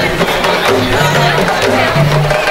Thank you.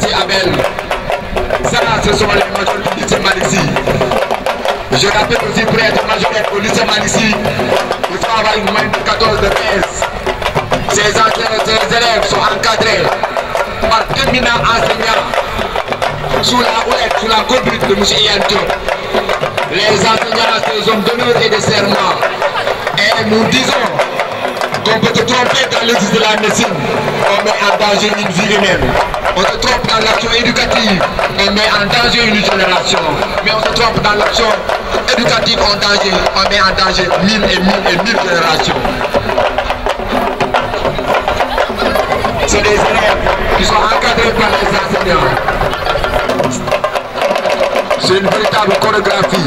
merci Abel. Ça, ce sont les majorités du lycée Malissi. Je rappelle aussi pour être majoritaire au lycée Malissi, il faut avoir une de 14 de 15. Ces, élèves sont encadrés par terminant enseignants sous la houlette, sous la conduite de M. Yantou. Les enseignants, ces hommes d'honneur et de serment. Et nous disons on peut te tromper dans l'exercice de la médecine, on met en danger une vie humaine. On se trompe dans l'action éducative, on met en danger une génération. Mais on se trompe dans l'action éducative en danger, on met en danger mille et mille et mille générations. C'est des élèves qui sont encadrés par les enseignants. C'est une véritable chorégraphie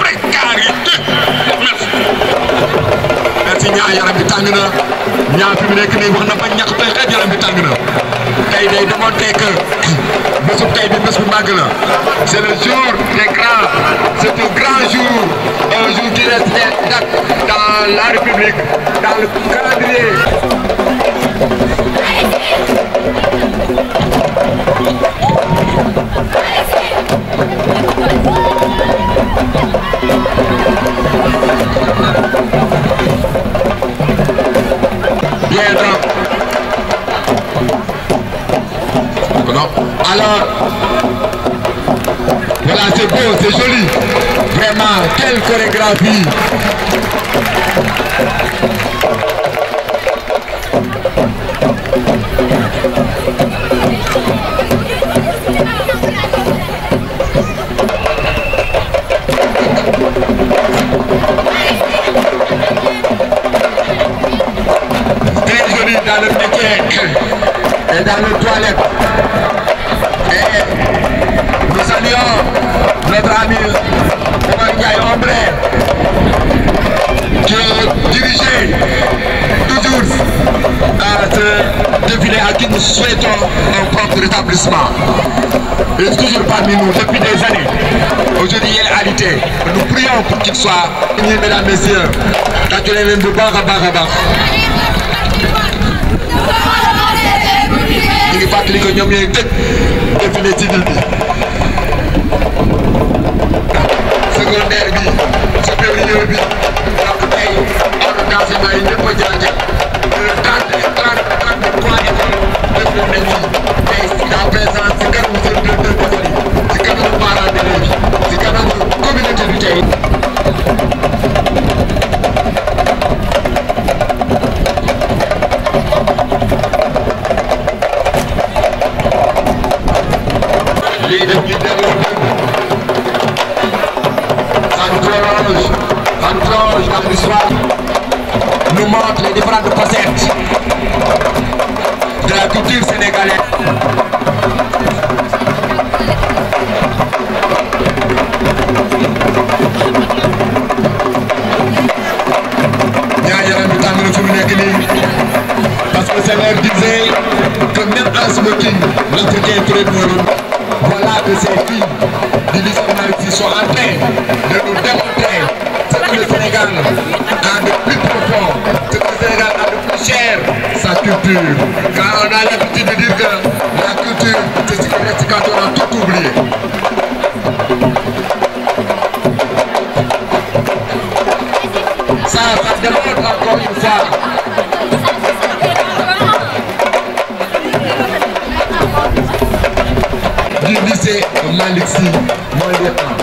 C'est le jour des grands c'est un grand jour un jour qui reste dans la république dans le calendrier. Alors, voilà, c'est beau, c'est joli. Vraiment, quelle chorégraphie. Très joli dans le piquet et dans le toilette nous saluons notre ami Oman Ndiaye Ombré qui a dirigé toujours ce défilé à qui nous souhaitons un propre rétablissement. Il est toujours parmi nous depuis des années. Aujourd'hui, il est alité. Nous prions pour qu'il soit uni, mesdames, messieurs. ñu ngi fàttali ko il ñooy tëj défilé civil bi secondaire bi supérieur bi ndax tey wàllu enseignement yi ñëpp a jàngal trente trente trente trois écoles def nañ fi tey en présence si kanamu seen deux deux yi si kanamu parents d'élèves yi si kanamu communauté bi montre les différentes facettes de la culture sénégalaise. Parce que c'est Sévère disait que même en smoking, l'entretien est très bon. Voilà que ces filles du qui sont en train de nous démontrer c'est le Sénégal culture. Car on a l'habitude de dire que la culture, c'est ce qui reste quand on a tout oublié. Ça, ça demande encore une fois. Du lycée Malixi, mon lieutenant.